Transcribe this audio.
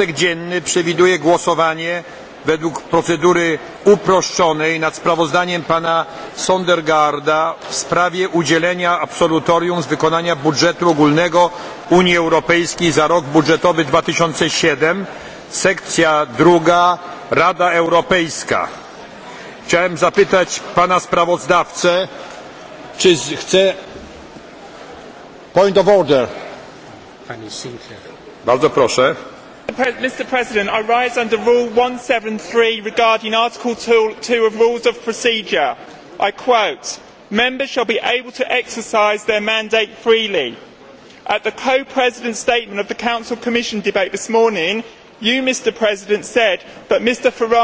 Porządek dzienny przewiduje głosowanie według procedury uproszczonej nad sprawozdaniem pana Sondergaarda w sprawie udzielenia absolutorium z wykonania budżetu ogólnego Unii Europejskiej za rok budżetowy 2007, sekcja druga Rada Europejska. Chciałem zapytać pana sprawozdawcę, czy chce Point of order. Pani Sinclair. Bardzo proszę mr president i rise under rule one hundred and seventy three regarding article two of rules of procedure. i quote members shall be able to exercise their mandate freely'. at the co president's statement of the council commission debate this morning you mr president said that mr farage